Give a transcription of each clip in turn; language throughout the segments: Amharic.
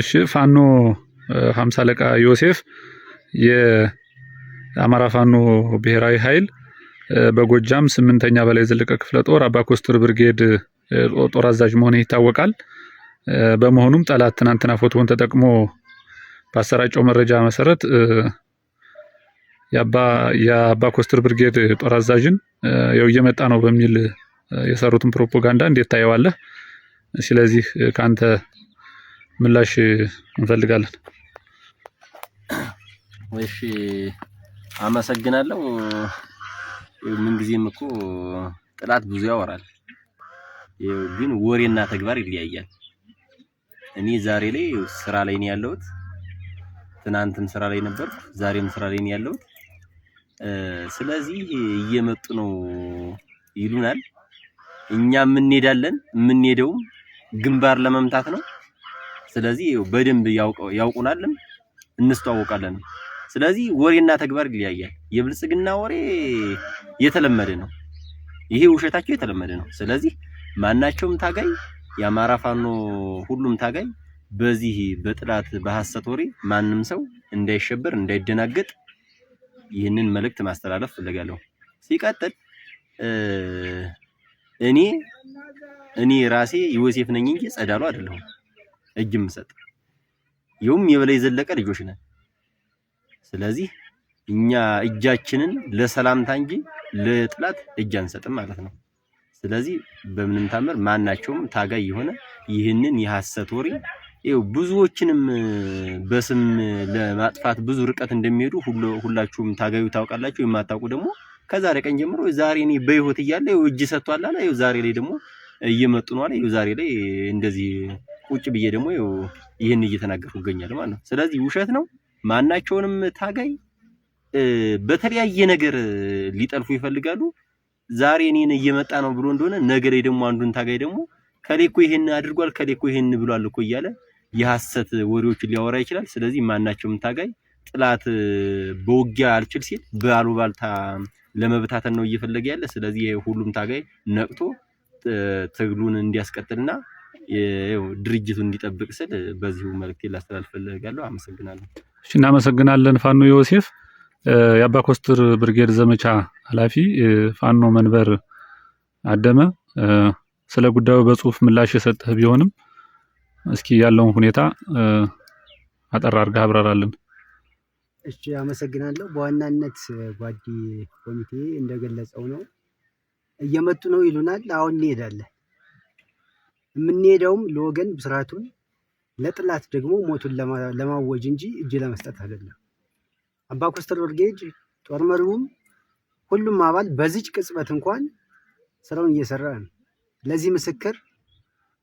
እሺ ፋኖ ሀምሳ አለቃ ዮሴፍ የአማራ ፋኖ ብሔራዊ ኃይል በጎጃም ስምንተኛ በላይ ዘለቀ ክፍለ ጦር አባ ኮስትር ብርጌድ ጦር አዛዥ መሆን ይታወቃል። በመሆኑም ጠላት ትናንትና ፎቶውን ተጠቅሞ በአሰራጫው መረጃ መሰረት የአባ ኮስትር ብርጌድ ጦር አዛዥን ያው እየመጣ ነው በሚል የሰሩትን ፕሮፓጋንዳ እንዴት ታየዋለህ? ስለዚህ ከአንተ ምላሽ እንፈልጋለን። እሺ፣ አመሰግናለሁ። ምንጊዜም እኮ ጥላት ብዙ ያወራል፣ ግን ወሬና ተግባር ይለያያል። እኔ ዛሬ ላይ ስራ ላይ ነው ያለሁት። ትናንትም ስራ ላይ ነበር፣ ዛሬም ስራ ላይ ነው ያለሁት። ስለዚህ እየመጡ ነው ይሉናል። እኛም እንሄዳለን። የምንሄደውም ግንባር ለመምታት ነው። ስለዚህ በደንብ ያውቁናልም እንስተዋወቃለን። ስለዚህ ወሬና ተግባር ይለያያል። የብልጽግና ወሬ የተለመደ ነው፣ ይሄ ውሸታቸው የተለመደ ነው። ስለዚህ ማናቸውም ታጋይ የአማራ ፋኖ ሁሉም ታጋይ በዚህ በጥላት በሐሰት ወሬ ማንም ሰው እንዳይሸበር እንዳይደናገጥ ይህንን መልእክት ማስተላለፍ ፈልጋለሁ። ሲቀጥል እኔ እኔ ራሴ ዮሴፍ ነኝ እንጂ ጸዳሉ አይደለሁም። እጅ የምሰጥ ይኸውም የበላይ ዘለቀ ልጆች ነን። ስለዚህ እኛ እጃችንን ለሰላምታ እንጂ ለጥላት እጅ አንሰጥም ማለት ነው። ስለዚህ በምንም ታምር ማናቸውም ታጋይ የሆነ ይህንን የሐሰት ወሬ ይኸው ብዙዎችንም በስም ለማጥፋት ብዙ ርቀት እንደሚሄዱ ሁላችሁም ታጋዩ ታውቃላችሁ። የማታውቁ ደግሞ ከዛሬ ቀን ጀምሮ ዛሬ እኔ በህይወት እያለ ይኸው እጅ ሰጥቷል አለ። ዛሬ ላይ ደግሞ እየመጡ ነው አለ። ዛሬ ላይ እንደዚህ ቁጭ ብዬ ደግሞ ይህን እየተናገርኩ እገኛለሁ ማለት ነው። ስለዚህ ውሸት ነው። ማናቸውንም ታጋይ በተለያየ ነገር ሊጠልፉ ይፈልጋሉ። ዛሬ እኔን እየመጣ ነው ብሎ እንደሆነ ነገ ላይ ደግሞ አንዱን ታጋይ ደግሞ ከሌኮ ይሄን አድርጓል ከሌኮ ይሄን ብሏል እኮ እያለ የሐሰት ወሬዎችን ሊያወራ ይችላል። ስለዚህ ማናቸውም ታጋይ ጥላት በውጊያ አልችል ሲል በአሉባልታ ለመበታተን ነው እየፈለገ ያለ። ስለዚህ ሁሉም ታጋይ ነቅቶ ትግሉን እንዲያስቀጥልና ድርጅቱ እንዲጠብቅ ስል በዚሁ መልእክቴ ላስተላልፍ እፈልጋለሁ። አመሰግናለሁ። እሺ፣ እናመሰግናለን ፋኖ ዮሴፍ የአባ ኮስትር ብርጌድ ዘመቻ ኃላፊ ፋኖ መንበር አደመ ስለ ጉዳዩ በጽሁፍ ምላሽ የሰጠህ ቢሆንም እስኪ ያለውን ሁኔታ አጠር አድርገህ አብራራልን። እሺ አመሰግናለሁ። በዋናነት ጓዴ ኮሚቴ እንደገለጸው ነው እየመጡ ነው ይሉናል። አሁን እንሄዳለን የምንሄደውም ለወገን ብስራቱን ለጥላት ደግሞ ሞቱን ለማወጅ እንጂ እጅ ለመስጠት አይደለም። አባ ኮስተር ወርጌጅ ጦር መሪውም ሁሉም አባል በዚች ቅጽበት እንኳን ስራውን እየሰራ ነው። ለዚህ ምስክር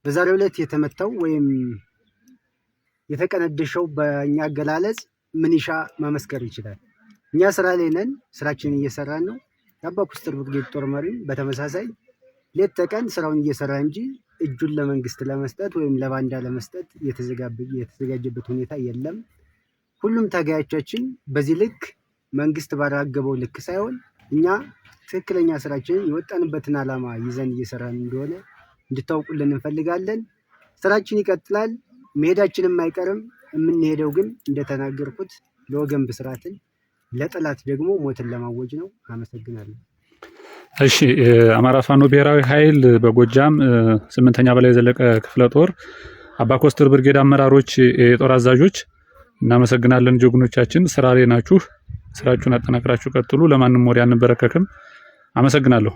በዛሬው ዕለት የተመታው ወይም የተቀነደሸው በእኛ አገላለጽ ምንሻ መመስከር ይችላል። እኛ ስራ ላይ ነን፣ ስራችንን እየሰራን ነው። የአባ ኮስተር ብርጌድ ጦር መሪም በተመሳሳይ ሌት ተቀን ስራውን እየሰራ እንጂ እጁን ለመንግስት ለመስጠት ወይም ለባንዳ ለመስጠት የተዘጋጀበት ሁኔታ የለም። ሁሉም ታጋዮቻችን በዚህ ልክ መንግስት ባራገበው ልክ ሳይሆን እኛ ትክክለኛ ስራችንን የወጣንበትን ዓላማ ይዘን እየሰራን እንደሆነ እንድታውቁልን እንፈልጋለን። ስራችን ይቀጥላል። መሄዳችንም አይቀርም። የምንሄደው ግን እንደተናገርኩት ለወገን ብስራትን ለጠላት ደግሞ ሞትን ለማወጅ ነው። አመሰግናለሁ። እሺ አማራ ፋኖ ብሔራዊ ኃይል በጎጃም ስምንተኛ በላይ ዘለቀ ክፍለ ጦር አባኮስተር ብርጌድ አመራሮች፣ የጦር አዛዦች እናመሰግናለን። ጀግኖቻችን ስራ ላይ ናችሁ። ስራችሁን አጠናክራችሁ ቀጥሉ። ለማንም ወዲያ አንበረከክም። አመሰግናለሁ።